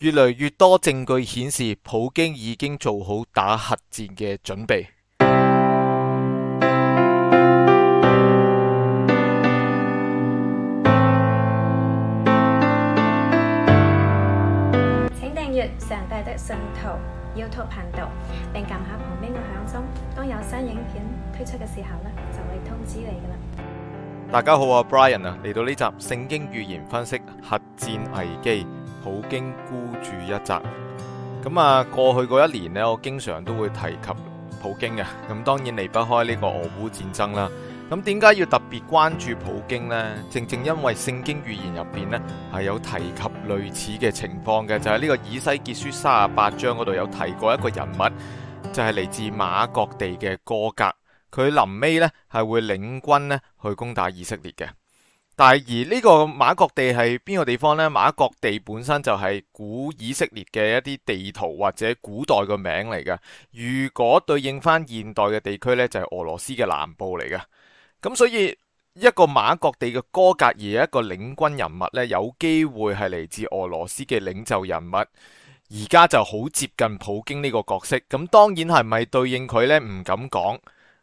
越嚟越多證據顯示，普京已經做好打核戰嘅準備。請訂閱上帝的信徒 YouTube 頻道，並撳下旁邊嘅響鐘。當有新影片推出嘅時候呢，就會通知你㗎喇。大家好啊，Brian 啊，嚟到呢集聖經預言分析核戰危機。普京孤注一擲，咁啊過去嗰一年呢，我經常都會提及普京嘅，咁當然離不開呢個俄烏戰爭啦。咁點解要特別關注普京呢？正正因為聖經預言入邊呢，係有提及類似嘅情況嘅，就喺、是、呢個以西結書三十八章嗰度有提過一個人物，就係、是、嚟自馬各地嘅哥格，佢臨尾呢，係會領軍呢去攻打以色列嘅。但係而呢個馬國地係邊個地方呢？馬國地本身就係古以色列嘅一啲地圖或者古代嘅名嚟嘅。如果對應翻現代嘅地區呢，就係俄羅斯嘅南部嚟嘅。咁所以一個馬國地嘅哥格爾一個領軍人物呢，有機會係嚟自俄羅斯嘅領袖人物。而家就好接近普京呢個角色。咁當然係咪對應佢呢？唔敢講。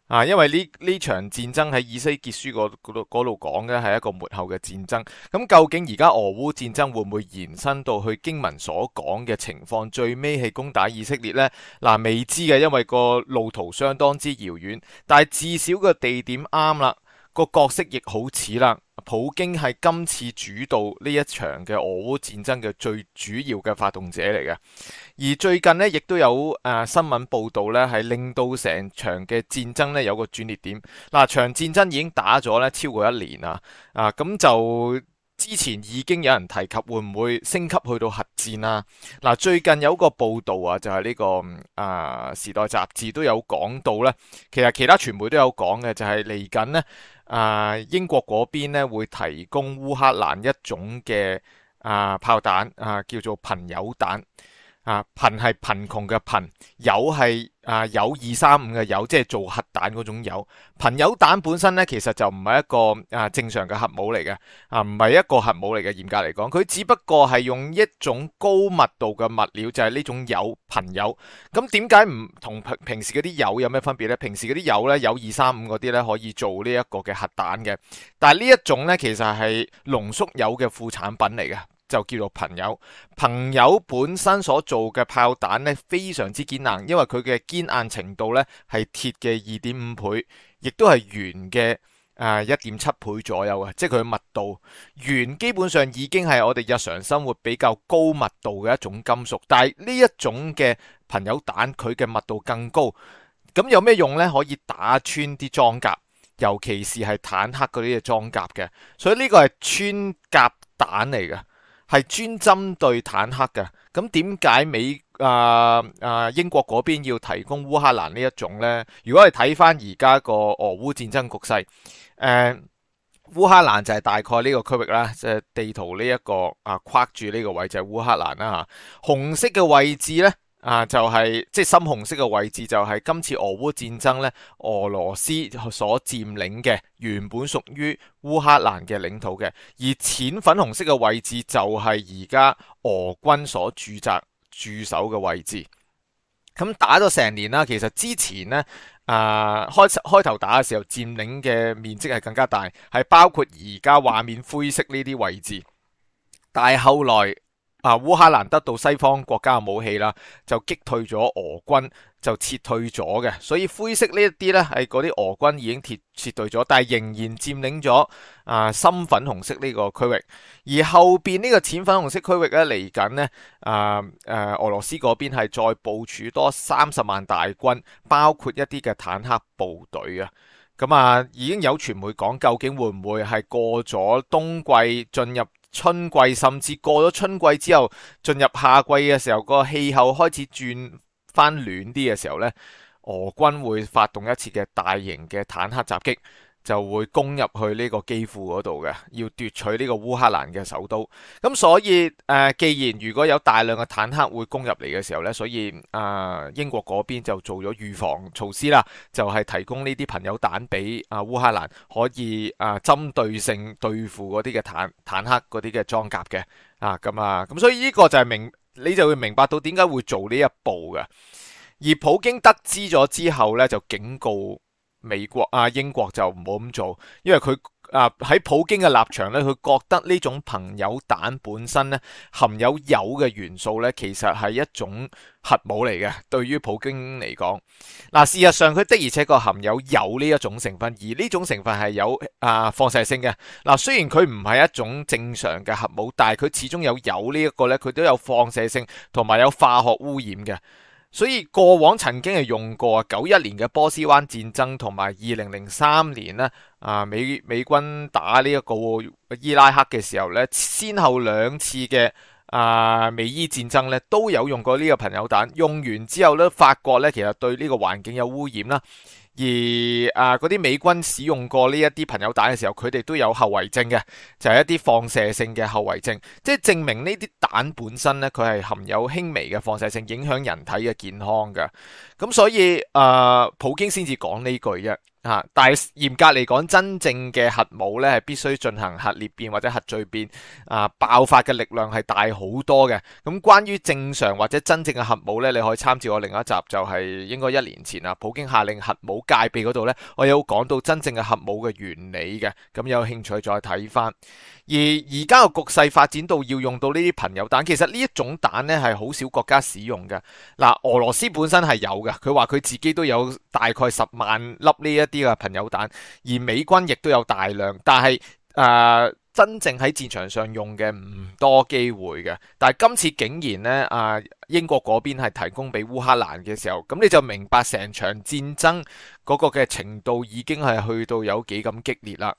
啊，因為呢呢場戰爭喺以西結書嗰度嗰度講嘅係一個末後嘅戰爭。咁究竟而家俄烏戰爭會唔會延伸到去經文所講嘅情況，最尾係攻打以色列呢？嗱、啊，未知嘅，因為個路途相當之遙遠。但係至少個地點啱啦，個角色亦好似啦。普京係今次主導呢一場嘅俄烏戰爭嘅最主要嘅發動者嚟嘅，而最近呢，亦都有誒、呃、新聞報道呢，係令到成場嘅戰爭呢有個轉捩點。嗱、啊，場戰爭已經打咗呢超過一年喇，啊咁就。之前已經有人提及會唔會升級去到核戰啦。嗱，最近有個報道啊，就係呢個啊時代雜誌都有講到咧。其實其他傳媒都有講嘅，就係嚟緊呢啊英國嗰邊咧會提供烏克蘭一種嘅啊炮彈啊叫做貧鈾彈。啊，貧係貧窮嘅貧，鈾係啊鈾二三五嘅鈾，即係做核彈嗰種鈾。貧鈾彈本身咧，其實就唔係一個啊正常嘅核武嚟嘅，啊唔係一個核武嚟嘅，嚴格嚟講，佢只不過係用一種高密度嘅物料，就係、是、呢種鈾。貧鈾。咁點解唔同平平時嗰啲鈾有咩分別咧？平時嗰啲鈾咧，鈾二三五嗰啲咧可以做呢一個嘅核彈嘅，但係呢一種咧，其實係濃縮鈾嘅副產品嚟嘅。就叫做貧鈾。貧鈾本身所做嘅炮彈呢，非常之堅硬，因為佢嘅堅硬程度呢係鐵嘅二點五倍，亦都係鉛嘅啊一點七倍左右嘅，即係佢密度。鉛基本上已經係我哋日常生活比較高密度嘅一種金屬，但係呢一種嘅貧鈾彈，佢嘅密度更高。咁有咩用呢？可以打穿啲裝甲，尤其是係坦克嗰啲嘅裝甲嘅，所以呢個係穿甲彈嚟嘅。係專針對坦克嘅，咁點解美啊啊英國嗰邊要提供烏克蘭呢一種呢？如果係睇翻而家個俄烏戰爭局勢，誒、呃，烏克蘭就係大概呢個區域啦，即係地圖呢一個啊框住呢個位就係烏克蘭啦吓，紅色嘅位置呢。啊，就係、是、即係深紅色嘅位置，就係今次俄烏戰爭咧，俄羅斯所佔領嘅原本屬於烏克蘭嘅領土嘅。而淺粉紅色嘅位置就係而家俄軍所駐紮駐守嘅位置。咁、嗯、打咗成年啦，其實之前呢，啊開開頭打嘅時候，佔領嘅面積係更加大，係包括而家畫面灰色呢啲位置。但係後來，啊烏克蘭得到西方國家嘅武器啦，就擊退咗俄軍，就撤退咗嘅。所以灰色呢一啲呢，係嗰啲俄軍已經撤撤退咗，但係仍然佔領咗啊深粉紅色呢個區域。而後邊呢個淺粉紅色區域呢，嚟緊呢，啊誒、啊，俄羅斯嗰邊係再部署多三十萬大軍，包括一啲嘅坦克部隊啊。咁啊，已經有傳媒講，究竟會唔會係過咗冬季進入春季甚至過咗春季之後，進入夏季嘅時候，個氣候開始轉返暖啲嘅時候呢，俄軍會發動一次嘅大型嘅坦克襲擊。就會攻入去呢個基輔嗰度嘅，要奪取呢個烏克蘭嘅首都。咁所以誒、呃，既然如果有大量嘅坦克會攻入嚟嘅時候呢，所以啊、呃、英國嗰邊就做咗預防措施啦，就係、是、提供呢啲朋友彈俾啊烏克蘭可以啊、呃、針對性對付嗰啲嘅坦坦克嗰啲嘅裝甲嘅啊咁啊，咁、啊、所以呢個就係明你就會明白到點解會做呢一步嘅。而普京得知咗之後呢，就警告。美國啊、英國就唔好咁做，因為佢啊喺普京嘅立場咧，佢覺得呢種貧鈾彈本身咧含有鈾嘅元素咧，其實係一種核武嚟嘅。對於普京嚟講，嗱、啊、事實上佢的而且確含有鈾呢一種成分，而呢種成分係有啊放射性嘅。嗱、啊、雖然佢唔係一種正常嘅核武，但係佢始終有鈾呢一個咧，佢都有放射性同埋有化學污染嘅。所以過往曾經係用過啊，九一年嘅波斯灣戰爭同埋二零零三年呢啊美美軍打呢一個伊拉克嘅時候呢，先後兩次嘅啊美伊戰爭咧，都有用過呢個貧鈾彈，用完之後呢，發覺呢其實對呢個環境有污染啦。而啊，嗰啲美軍使用過呢一啲貧鈾彈嘅時候，佢哋都有後遺症嘅，就係一啲放射性嘅後遺症，即係證明呢啲彈本身呢，佢係含有輕微嘅放射性，影響人體嘅健康嘅。咁所以啊，普京先至講呢句啫。啊！但係嚴格嚟講，真正嘅核武咧係必須進行核裂變或者核聚變啊，爆發嘅力量係大好多嘅。咁關於正常或者真正嘅核武咧，你可以參照我另一集，就係應該一年前啦。普京下令核武戒備嗰度咧，我有講到真正嘅核武嘅原理嘅。咁有興趣再睇翻。而而家個局勢發展到要用到呢啲朋友彈，其實呢一種彈呢係好少國家使用嘅。嗱，俄羅斯本身係有嘅，佢話佢自己都有大概十萬粒呢一。呢個朋友彈，而美軍亦都有大量，但係誒、呃、真正喺戰場上用嘅唔多機會嘅，但係今次竟然咧啊！呃英國嗰邊係提供俾烏克蘭嘅時候，咁你就明白成場戰爭嗰個嘅程度已經係去到有幾咁激烈啦。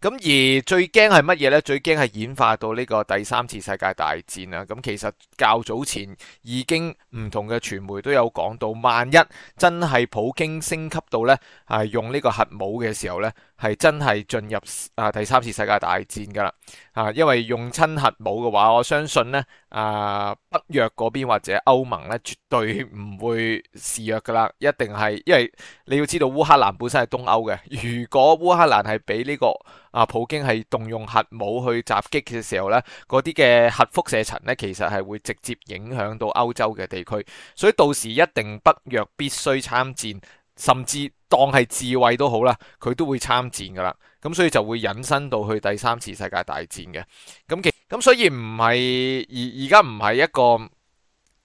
咁而最驚係乜嘢呢？最驚係演化到呢個第三次世界大戰啊！咁其實較早前已經唔同嘅傳媒都有講到，萬一真係普京升級到呢，係、啊、用呢個核武嘅時候呢，係真係進入啊第三次世界大戰噶啦。啊，因為用親核武嘅話，我相信咧，啊北約嗰邊或者歐盟咧，絕對唔會示弱㗎喇，一定係，因為你要知道烏克蘭本身係東歐嘅，如果烏克蘭係畀呢個啊普京係動用核武去襲擊嘅時候咧，嗰啲嘅核輻射塵咧，其實係會直接影響到歐洲嘅地區，所以到時一定北約必須參戰，甚至，當係智慧都好啦，佢都會參戰噶啦，咁所以就會引申到去第三次世界大戰嘅，咁其咁所以唔係而而家唔係一個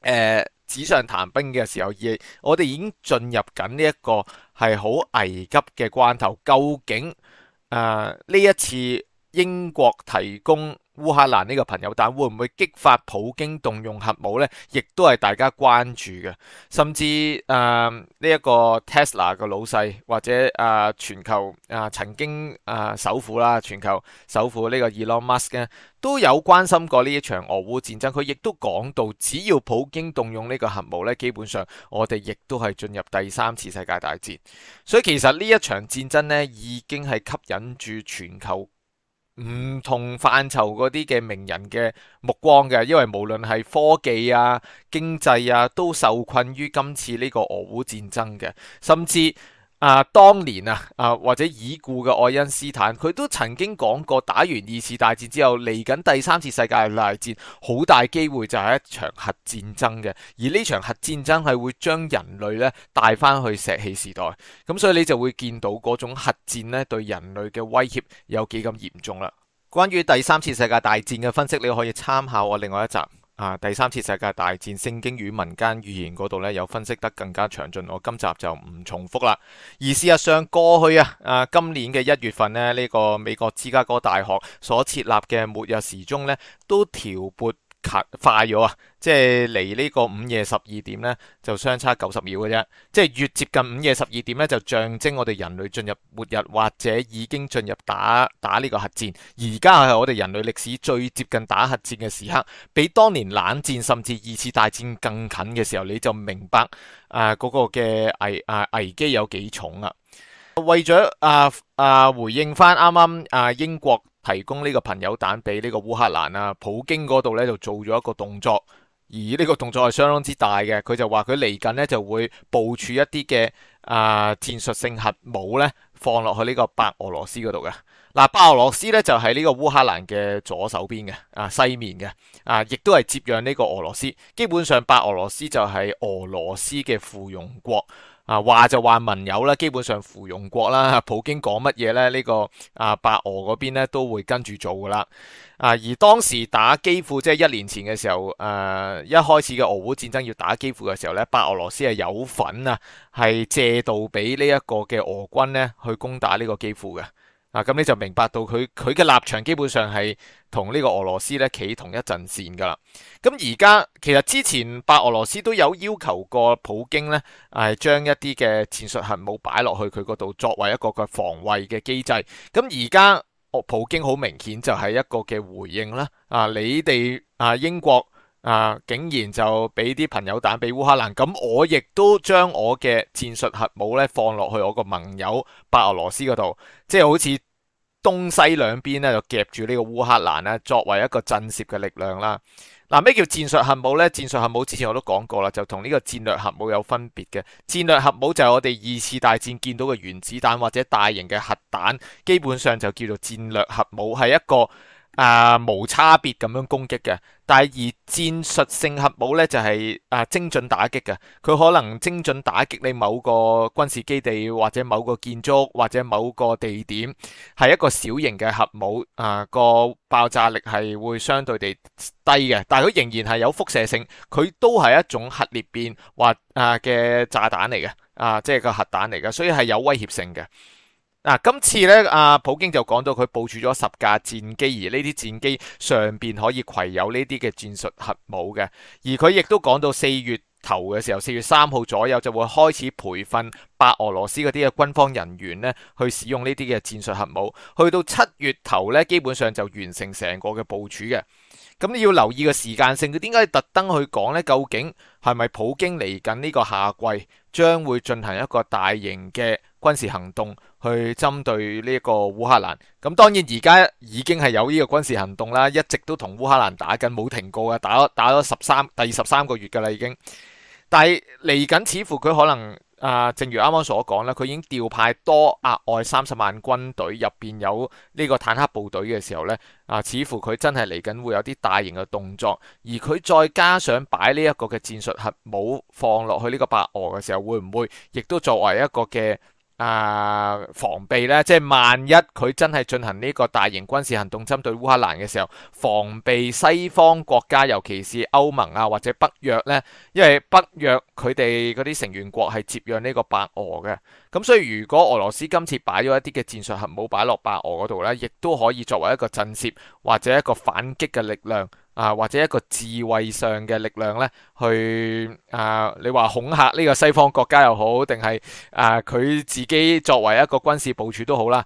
誒紙上談兵嘅時候，而我哋已經進入緊呢一個係好危急嘅關頭，究竟誒呢一次，英國提供烏克蘭呢個貧鈾彈，但會唔會激發普京動用核武呢？亦都係大家關注嘅。甚至誒呢一個 Tesla 個老細或者誒、呃、全球誒、呃、曾經誒、呃、首富啦，全球首富呢個伊隆馬斯克呢都有關心過呢一場俄烏戰爭。佢亦都講到，只要普京動用呢個核武呢，基本上我哋亦都係進入第三次世界大戰。所以其實呢一場戰爭呢，已經係吸引住全球。唔同範疇嗰啲嘅名人嘅目光嘅，因為無論係科技啊、經濟啊，都受困於今次呢個俄烏戰爭嘅，甚至。啊，當年啊，啊或者已故嘅愛因斯坦，佢都曾經講過，打完二次大戰之後嚟緊第三次世界大戰，好大機會就係一場核戰爭嘅，而呢場核戰爭係會將人類咧帶翻去石器時代，咁所以你就會見到嗰種核戰咧對人類嘅威脅有幾咁嚴重啦。關於第三次世界大戰嘅分析，你可以參考我另外一集。啊！第三次世界大戰聖經與民間預言嗰度咧，有分析得更加詳盡，我今集就唔重複啦。而事實上，過去啊，啊今年嘅一月份呢，呢、呢個美國芝加哥大學所設立嘅末日時鐘咧，都調撥。快咗啊！即係離呢個午夜十二點呢，就相差九十秒嘅啫。即係越接近午夜十二點呢，就象徵我哋人類進入末日或者已經進入打打呢個核戰。而家係我哋人類歷史最接近打核戰嘅時刻，比當年冷戰甚至二次大戰更近嘅時候，你就明白誒嗰、啊嗰個嘅危誒、啊、危機有幾重啦、啊。為咗啊啊回應翻啱啱啊英國。提供呢個朋友彈俾呢個烏克蘭啊，普京嗰度咧就做咗一個動作，而呢個動作係相當之大嘅。佢就話佢嚟近呢就會部署一啲嘅啊戰術性核武咧，放落去呢個白俄羅斯嗰度嘅。嗱、啊，白俄羅斯咧就喺、是、呢個烏克蘭嘅左手邊嘅啊西面嘅啊，亦都係接壤呢個俄羅斯。基本上白俄羅斯就係俄羅斯嘅附庸國。啊，話就話盟友啦，基本上附庸國啦，普京講乜嘢咧？呢個啊白俄嗰邊咧都會跟住做噶啦。啊，而當時打基輔，即係一年前嘅時候，誒、啊，一開始嘅俄烏戰爭要打基輔嘅時候咧，白俄羅斯係有份啊，係借道俾呢一個嘅俄軍咧去攻打呢個基輔嘅。啊，咁你就明白到佢佢嘅立場基本上係同呢個俄羅斯咧企同一陣線噶啦。咁而家其實之前白俄羅斯都有要求過普京咧，係、啊、將一啲嘅戰術核武擺落去佢嗰度作為一個嘅防衛嘅機制。咁而家普京好明顯就係一個嘅回應啦。啊，你哋啊英國。啊！竟然就俾啲朋友彈俾烏克蘭，咁我亦都將我嘅戰術核武咧放落去我個盟友白俄羅斯嗰度，即係好似東西兩邊咧就夾住個烏呢個烏克蘭咧，作為一個震懾嘅力量啦。嗱，啊，咩叫戰術核武呢？戰術核武之前我都講過啦，就同呢個戰略核武有分別嘅。戰略核武就係我哋二次大戰見到嘅原子彈或者大型嘅核彈，基本上就叫做戰略核武，係一個。啊，無差別咁樣攻擊嘅，但係而戰術性核武呢，就係、是、啊精準打擊嘅，佢可能精準打擊你某個軍事基地或者某個建築或者某個地點，係一個小型嘅核武，啊個爆炸力係會相對地低嘅，但係佢仍然係有輻射性，佢都係一種核裂變或啊嘅炸彈嚟嘅，啊即係個核彈嚟嘅，所以係有威脅性嘅。嗱，今次咧，阿普京就講到佢部署咗十架戰機，而呢啲戰機上邊可以携有呢啲嘅戰術核武嘅。而佢亦都講到四月頭嘅時候，四月三號左右就會開始培訓白俄羅斯嗰啲嘅軍方人員咧，去使用呢啲嘅戰術核武。去到七月頭呢，基本上就完成成個嘅部署嘅。咁你要留意個時間性，佢點解特登去講呢？究竟係咪普京嚟緊呢個夏季將會進行一個大型嘅？軍事行動去針對呢個烏克蘭咁。當然而家已經係有呢個軍事行動啦，一直都同烏克蘭打緊，冇停過嘅，打咗打咗十三第二十三個月㗎啦已經。但係嚟緊，似乎佢可能啊、呃，正如啱啱所講啦，佢已經調派多額外三十萬軍隊入邊有呢個坦克部隊嘅時候呢，啊，似乎佢真係嚟緊會有啲大型嘅動作。而佢再加上擺呢一個嘅戰術核武放落去呢個白俄嘅時候，會唔會亦都作為一個嘅？啊！防備呢，即係萬一佢真係進行呢個大型軍事行動針對烏克蘭嘅時候，防備西方國家，尤其是歐盟啊或者北約呢。因為北約佢哋嗰啲成員國係接壤呢個白俄嘅。咁所以如果俄羅斯今次擺咗一啲嘅戰術核武擺落白俄嗰度呢，亦都可以作為一個震懾或者一個反擊嘅力量。啊，或者一個智慧上嘅力量咧，去啊，你話恐嚇呢個西方國家又好，定係啊佢自己作為一個軍事部署都好啦，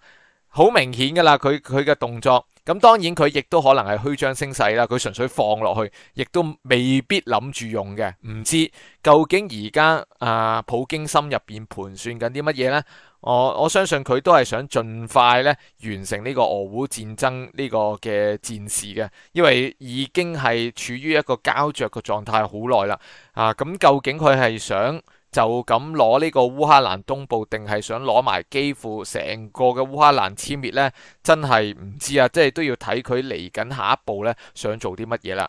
好明顯噶啦，佢佢嘅動作。咁當然佢亦都可能係虛張聲勢啦，佢純粹放落去，亦都未必諗住用嘅，唔知究竟而家啊普京心入邊盤算緊啲乜嘢呢？我我相信佢都係想盡快咧完成呢個俄烏戰爭呢個嘅戰事嘅，因為已經係處於一個膠着嘅狀態好耐啦。啊，咁、嗯、究竟佢係想就咁攞呢個烏克蘭東部，定係想攞埋幾乎成個嘅烏克蘭殲滅呢？真係唔知啊，即係都要睇佢嚟緊下一步呢。想做啲乜嘢啦。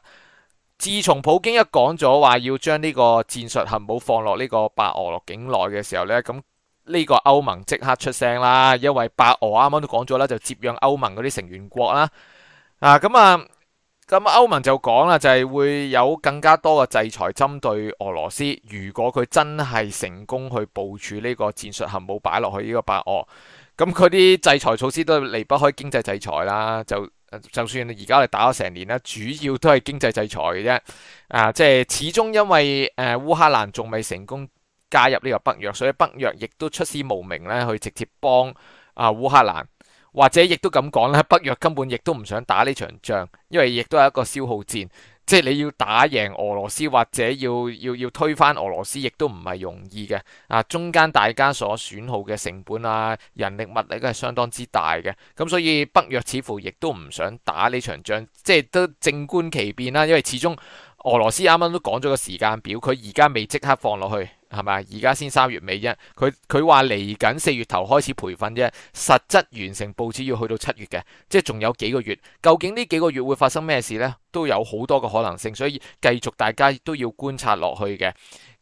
自從普京一講咗話要將呢個戰術核武放落呢個白俄境內嘅時候呢，咁呢個歐盟即刻出聲啦，因為白俄啱啱都講咗啦，就接壤歐盟嗰啲成員國啦，啊咁啊。咁歐盟就講啦，就係、是、會有更加多嘅制裁針對俄羅斯。如果佢真係成功去部署呢個戰術核武擺落去呢個白俄，咁佢啲制裁措施都離不開經濟制裁啦。就就算而家你打咗成年啦，主要都係經濟制裁嘅啫。啊，即係始終因為誒烏克蘭仲未成功加入呢個北約，所以北約亦都出師無名咧，去直接幫啊烏克蘭。或者亦都咁講啦，北約根本亦都唔想打呢場仗，因為亦都係一個消耗戰，即係你要打贏俄羅斯或者要要要推翻俄羅斯，亦都唔係容易嘅。啊，中間大家所損耗嘅成本啊、人力物力都係相當之大嘅。咁所以北約似乎亦都唔想打呢場仗，即係都靜觀其變啦。因為始終俄羅斯啱啱都講咗個時間表，佢而家未即刻放落去。係咪？而家先三月尾啫，佢佢話嚟緊四月頭開始培訓啫，實質完成報紙要去到七月嘅，即係仲有幾個月。究竟呢幾個月會發生咩事呢？都有好多個可能性，所以繼續大家都要觀察落去嘅。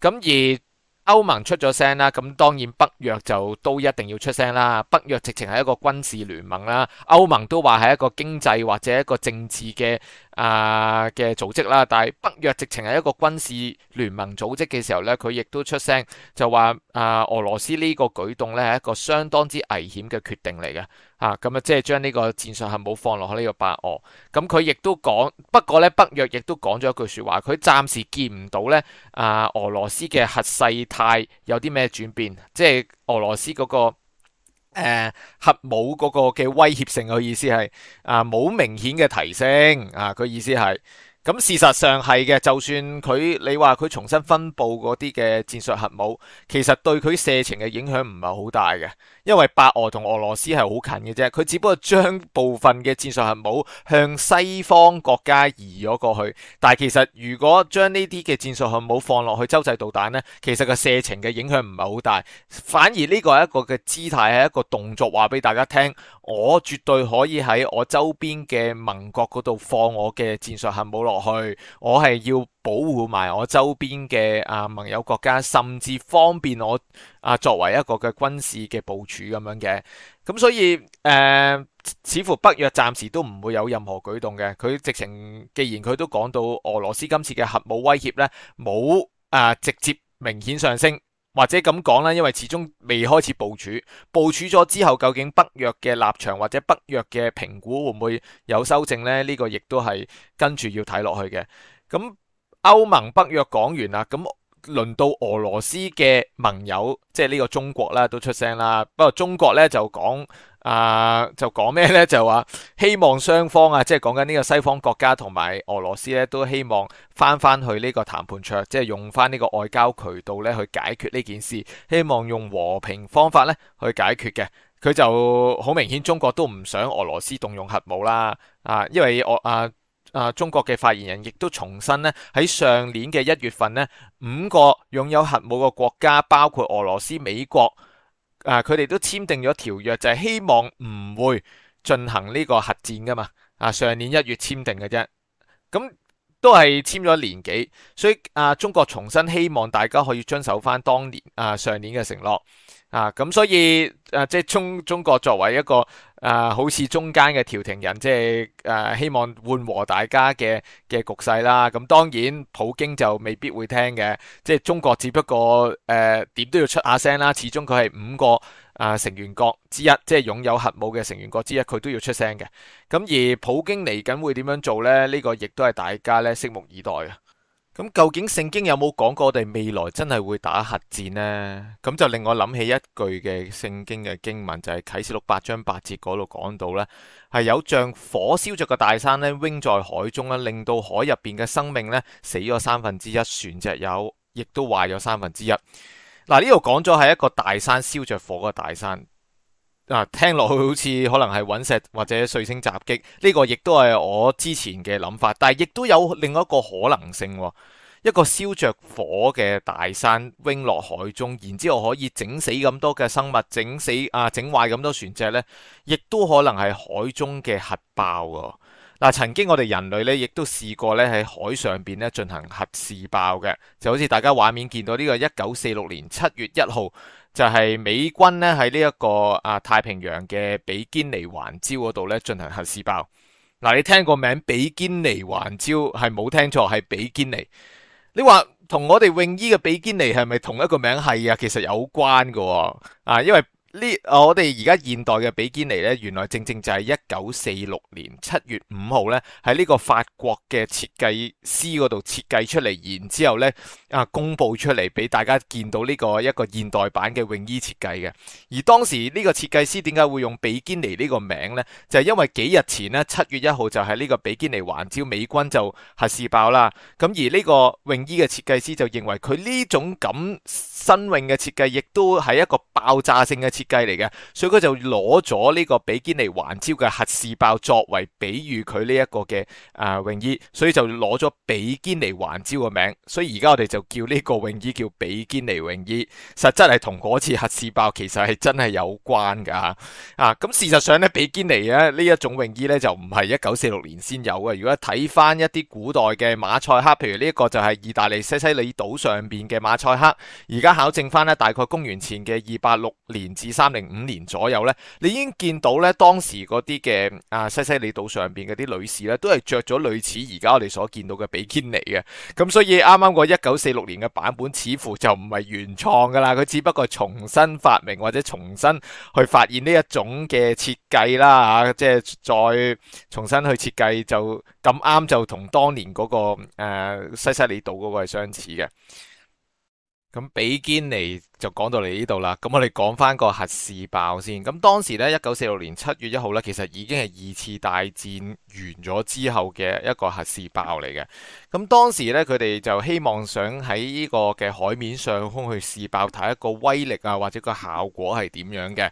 咁而歐盟出咗聲啦，咁當然北約就都一定要出聲啦。北約直情係一個軍事聯盟啦，歐盟都話係一個經濟或者一個政治嘅。啊嘅組織啦，但係北約直情係一個軍事聯盟組織嘅時候呢，佢亦都出聲就話啊，俄羅斯呢個舉動呢係一個相當之危險嘅決定嚟嘅啊，咁啊即係將呢個戰術核武放落去呢個白俄。咁佢亦都講不過呢，北約亦都講咗一句説話，佢暫時見唔到呢啊，俄羅斯嘅核勢態有啲咩轉變，即係俄羅斯嗰、那個。誒、呃，核武嗰個嘅威脅性，佢意思係啊，冇明顯嘅提升啊，佢意思係，咁事實上係嘅，就算佢你話佢重新分佈嗰啲嘅戰術核武，其實對佢射程嘅影響唔係好大嘅。因為白俄同俄羅斯係好近嘅啫，佢只不過將部分嘅戰術核武向西方國家移咗過去。但係其實如果將呢啲嘅戰術核武放落去洲際導彈呢，其實個射程嘅影響唔係好大，反而呢個係一個嘅姿態，係一個動作，話俾大家聽，我絕對可以喺我周邊嘅盟國嗰度放我嘅戰術核武落去，我係要。保護埋我周邊嘅啊盟友國家，甚至方便我啊作為一個嘅軍事嘅部署咁樣嘅，咁所以誒、呃，似乎北約暫時都唔會有任何舉動嘅。佢直情既然佢都講到俄羅斯今次嘅核武威脅呢，冇啊、呃、直接明顯上升，或者咁講啦，因為始終未開始部署，部署咗之後究竟北約嘅立場或者北約嘅評估會唔會有修正呢？呢、呢個亦都係跟住要睇落去嘅，咁。歐盟、北約講完啦，咁輪到俄羅斯嘅盟友，即係呢個中國啦，都出聲啦。不過中國咧就講啊、呃，就講咩咧？就話希望雙方啊，即係講緊呢個西方國家同埋俄羅斯咧，都希望翻翻去呢個談判桌，即係用翻呢個外交渠道咧去解決呢件事，希望用和平方法咧去解決嘅。佢就好明顯，中國都唔想俄羅斯動用核武啦，啊，因為我啊。呃啊！中國嘅發言人亦都重申呢，喺上年嘅一月份呢，五個擁有核武嘅國家，包括俄羅斯、美國，啊，佢哋都簽訂咗條約，就係、是、希望唔會進行呢個核戰噶嘛。啊，上年月簽簽一月簽訂嘅啫，咁都係簽咗年幾，所以啊，中國重申希望大家可以遵守翻當年啊上年嘅承諾。啊，咁、啊、所以啊，即係中中國作為一個。啊、呃，好似中間嘅調停人，即係誒、呃，希望緩和大家嘅嘅局勢啦。咁、啊、當然，普京就未必會聽嘅。即係中國只不過誒，點、呃、都要出下聲啦。始終佢係五個啊、呃、成員國之一，即係擁有核武嘅成員國之一，佢都要出聲嘅。咁而普京嚟緊會點樣做呢？呢、呢個亦都係大家咧，拭目以待啊！咁究竟聖經有冇講過我哋未來真係會打核戰呢？咁就令我諗起一句嘅聖經嘅經文，就係、是、啟示錄八章八節嗰度講到呢，係有像火燒着嘅大山呢，扔在海中呢，令到海入邊嘅生命呢死咗三分之一，船隻有亦都壞咗三分之一。嗱，呢度講咗係一個大山，燒着火嘅大山。啊，聽落去好似可能係隕石或者碎星襲擊，呢個亦都係我之前嘅諗法。但係亦都有另一個可能性，一個燒着火嘅大山扔落海中，然之後可以整死咁多嘅生物，整死啊，整壞咁多船隻呢，亦都可能係海中嘅核爆。嗱、啊，曾經我哋人類呢，亦都試過咧喺海上邊咧進行核試爆嘅，就好似大家畫面見到呢個一九四六年七月一號。就係美軍咧喺呢一、這個啊太平洋嘅比堅尼環礁嗰度咧進行核試爆。嗱、啊，你聽個名比堅尼環礁係冇聽錯，係比堅尼。你話同我哋泳衣嘅比堅尼係咪同一個名？係啊，其實有關㗎、哦、啊，因為。呢我哋而家現代嘅比堅尼咧，原來正正就係一九四六年七月五號咧，喺呢個法國嘅設計師度設計出嚟，然之後咧啊，公布出嚟俾大家見到呢個一個現代版嘅泳衣設計嘅。而當時呢個設計師點解會用比堅尼呢個名咧？就係因為幾日前咧，七月一號就係呢個比堅尼環礁美軍就核試爆啦。咁而呢個泳衣嘅設計師就認為佢呢種咁新穎嘅設計亦都係一個爆炸性嘅設。計嚟嘅，所以佢就攞咗呢個比堅尼環礁嘅核試爆作為比喻，佢呢一個嘅誒泳衣，所以就攞咗比堅尼環礁嘅名，所以而家我哋就叫呢個泳衣叫比堅尼泳衣，實質係同嗰次核試爆其實係真係有關噶啊。咁事實上呢，比堅尼咧呢一種泳衣呢就唔係一九四六年先有嘅。如果睇翻一啲古代嘅馬賽克，譬如呢一個就係意大利西西里島上邊嘅馬賽克，而家考證翻咧，大概公元前嘅二八六年至二三零五年左右呢，你已經見到呢。當時嗰啲嘅啊西西里島上邊嗰啲女士呢，都係着咗類似而家我哋所見到嘅比基尼嘅。咁所以啱啱個一九四六年嘅版本似乎就唔係原創噶啦，佢只不過重新發明或者重新去發現呢一種嘅設計啦嚇，即係再重新去設計就咁啱就同當年嗰個、呃、西西里島嗰個係相似嘅。咁比堅尼就講到嚟呢度啦，咁我哋講翻個核試爆先。咁當時咧，一九四六年七月一號咧，其實已經係二次大戰完咗之後嘅一個核試爆嚟嘅。咁當時咧，佢哋就希望想喺呢個嘅海面上空去試爆睇一個威力啊，或者個效果係點樣嘅。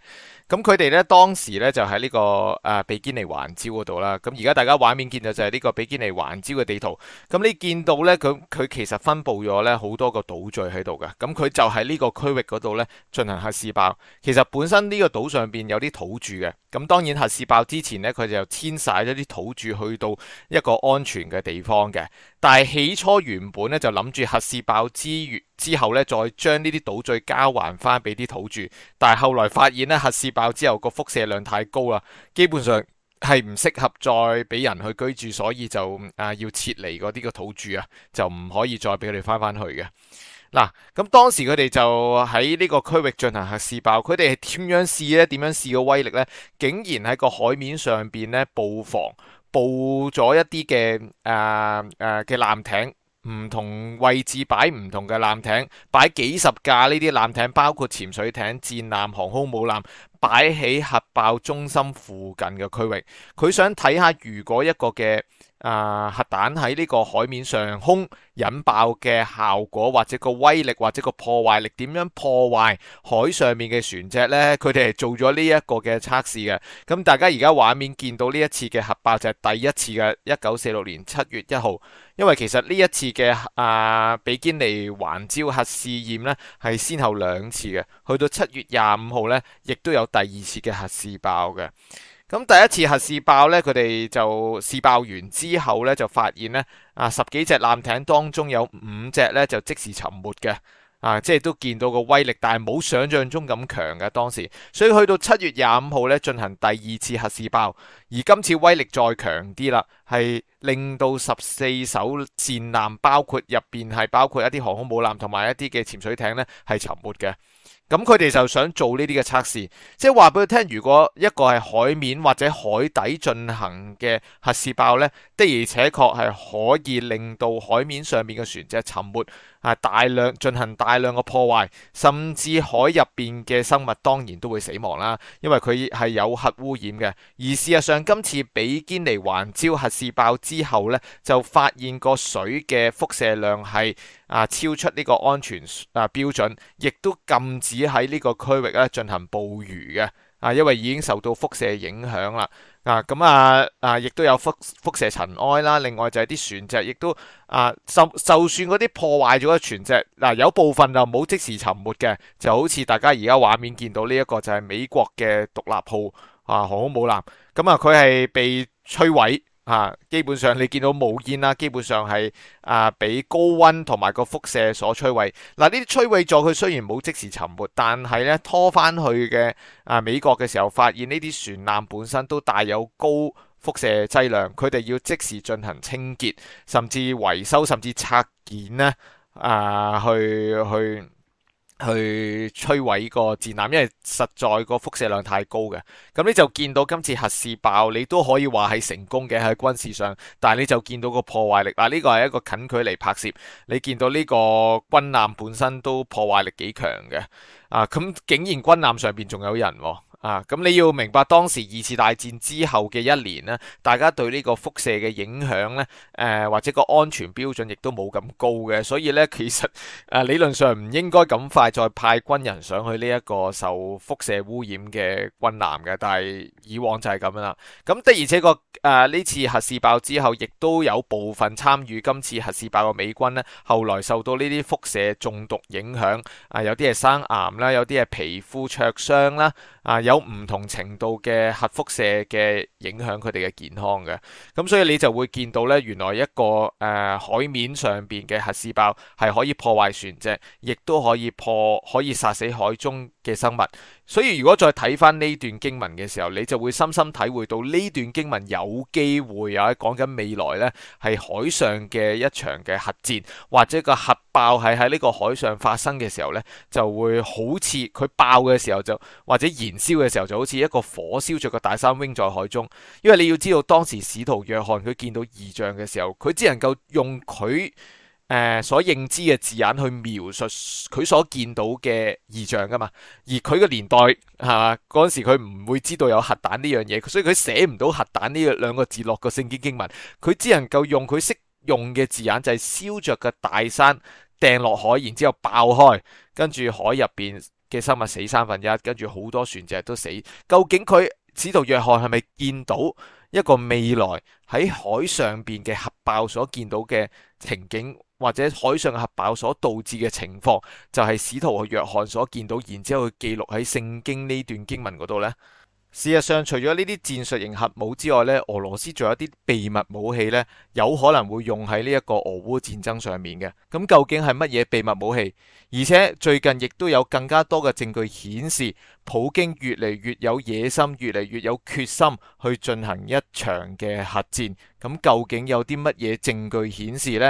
咁佢哋咧當時咧就喺呢個啊比堅尼環礁嗰度啦。咁而家大家畫面見到就係呢個比堅尼環礁嘅地圖。咁你見到咧，佢佢其實分布咗咧好多個島嶼喺度嘅。咁佢就喺呢個區域嗰度咧進行核試爆。其實本身呢個島上邊有啲土著嘅。咁當然核試爆之前呢，佢哋就遷晒一啲土著去到一個安全嘅地方嘅。但係起初原本呢，就諗住核試爆完之後呢，再將呢啲島嶼交還翻俾啲土著，但係後來發現呢，核試爆之後個輻射量太高啦，基本上係唔適合再俾人去居住，所以就啊要撤離嗰啲個土著啊，就唔可以再俾佢哋翻返去嘅。嗱，咁、啊、當時佢哋就喺呢個區域進行核試爆，佢哋係點樣試呢？點樣試個威力呢？竟然喺個海面上邊呢，布防，布咗一啲嘅誒誒嘅艦艇，唔同位置擺唔同嘅艦艇，擺幾十架呢啲艦艇，包括潛水艇、戰艦、航空母艦，擺喺核爆中心附近嘅區域，佢想睇下如果一個嘅。啊！核彈喺呢個海面上空引爆嘅效果，或者個威力，或者個破壞力點樣破壞海上面嘅船隻呢？佢哋係做咗呢一個嘅測試嘅。咁大家而家畫面見到呢一次嘅核爆就係第一次嘅一九四六年七月一號，因為其實呢一次嘅啊比堅尼環礁核試驗呢，係先後兩次嘅，去到七月廿五號呢，亦都有第二次嘅核試爆嘅。咁第一次核試爆呢，佢哋就試爆完之後呢，就發現呢，啊十幾隻艦艇當中有五隻呢，就即時沉沒嘅，啊即係都見到個威力，但係冇想像中咁強嘅，當時，所以去到七月廿五號呢，進行第二次核試爆，而今次威力再強啲啦，係令到十四艘戰艦，包括入邊係包括一啲航空母艦同埋一啲嘅潛水艇呢，係沉沒嘅。咁佢哋就想做呢啲嘅測試，即係話俾佢聽，如果一個系海面或者海底進行嘅核試爆咧，的而且確係可以令到海面上面嘅船隻沉沒，啊大量進行大量嘅破壞，甚至海入邊嘅生物當然都會死亡啦，因為佢係有核污染嘅。而事實上，今次比堅尼環礁礁核試爆之後咧，就發現個水嘅輻射量係啊超出呢個安全啊標準，亦都禁止。只喺呢個區域咧進行捕魚嘅，啊，因為已經受到輻射影響啦，啊，咁啊，啊，亦、啊、都有輻輻射塵埃啦、啊，另外就係啲船隻亦都啊，就就算嗰啲破壞咗嘅船隻，嗱、啊，有部分就冇即時沉沒嘅，就好似大家而家畫面見到呢一個就係美國嘅獨立號啊，航空母艦，咁啊，佢係被摧毀。啊，基本上你見到冇煙啦，基本上係啊俾高溫同埋個輻射所摧毀。嗱、啊，呢啲摧毀咗，佢雖然冇即時沉沒，但係咧拖翻去嘅啊美國嘅時候，發現呢啲船艦本身都帶有高輻射劑量，佢哋要即時進行清潔，甚至維修，甚至拆件呢。啊，去去。去摧毀個戰艦，因為實在個輻射量太高嘅。咁你就見到今次核試爆，你都可以話係成功嘅喺軍事上，但係你就見到個破壞力嗱，呢個係一個近距離拍攝，你見到呢個軍艦本身都破壞力幾強嘅。啊，咁竟然軍艦上邊仲有人喎，啊！啊，咁你要明白當時二次大戰之後嘅一年咧，大家對呢個輻射嘅影響咧，誒、呃、或者個安全標準亦都冇咁高嘅，所以呢，其實誒、呃、理論上唔應該咁快再派軍人上去呢一個受輻射污染嘅軍艦嘅，但係以往就係咁樣啦。咁的而且個誒呢次核試爆之後，亦都有部分參與今次核試爆嘅美軍咧，後來受到呢啲輻射中毒影響，啊，有啲係生癌啦，有啲係皮膚灼傷啦，啊有。有唔同程度嘅核輻射嘅影響，佢哋嘅健康嘅，咁所以你就會見到呢，原來一個誒、呃、海面上邊嘅核試爆係可以破壞船隻，亦都可以破可以殺死海中嘅生物。所以如果再睇翻呢段經文嘅時候，你就會深深體會到呢段經文有機會啊，講緊未來呢係海上嘅一場嘅核戰，或者個核爆係喺呢個海上發生嘅時候呢，就會好似佢爆嘅時候就或者燃燒嘅時候就好似一個火燒著個大山扔在海中，因為你要知道當時使徒約翰佢見到異象嘅時候，佢只能夠用佢。誒、呃，所認知嘅字眼去描述佢所見到嘅異象噶嘛？而佢個年代係嘛？嗰陣時佢唔會知道有核彈呢樣嘢，所以佢寫唔到核彈呢兩個字落個聖經經文，佢只能夠用佢識用嘅字眼，就係燒着嘅大山掟落海，然之後爆開，跟住海入邊嘅生物死三分一，跟住好多船隻都死。究竟佢使徒約翰係咪見到一個未來喺海上邊嘅核爆所見到嘅？情景或者海上核爆所導致嘅情況，就係、係、使徒約翰所見到，然之後去記錄喺聖經呢段經文嗰度呢。事實上，除咗呢啲戰術型核武之外呢，俄羅斯仲有啲秘密武器呢，有可能會用喺呢一個俄烏戰爭上面嘅。咁究竟係乜嘢秘密武器？而且最近亦都有更加多嘅證據顯示，普京越嚟越有野心，越嚟越有決心去進行一場嘅核戰。咁究竟有啲乜嘢證據顯示呢？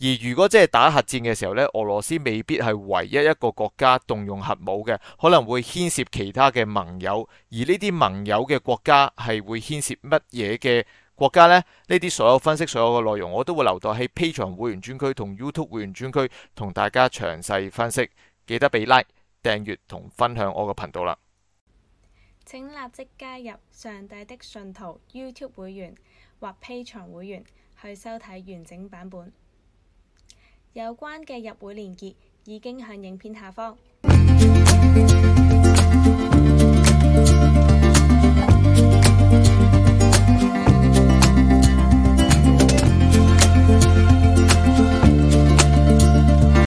而如果即係打核戰嘅時候呢，俄羅斯未必係唯一一個國家動用核武嘅，可能會牽涉其他嘅盟友，而呢啲盟。朋友嘅國家係會牽涉乜嘢嘅國家呢？呢啲所有分析，所有嘅內容，我都會留待喺 Patreon 會員專區同 YouTube 會員專區同大家詳細分析。記得俾 like、訂閱同分享我嘅頻道啦！請立即加入上帝的信徒 YouTube 會員或 Patreon 會員去收睇完整版本。有關嘅入會連結已經向影片下方。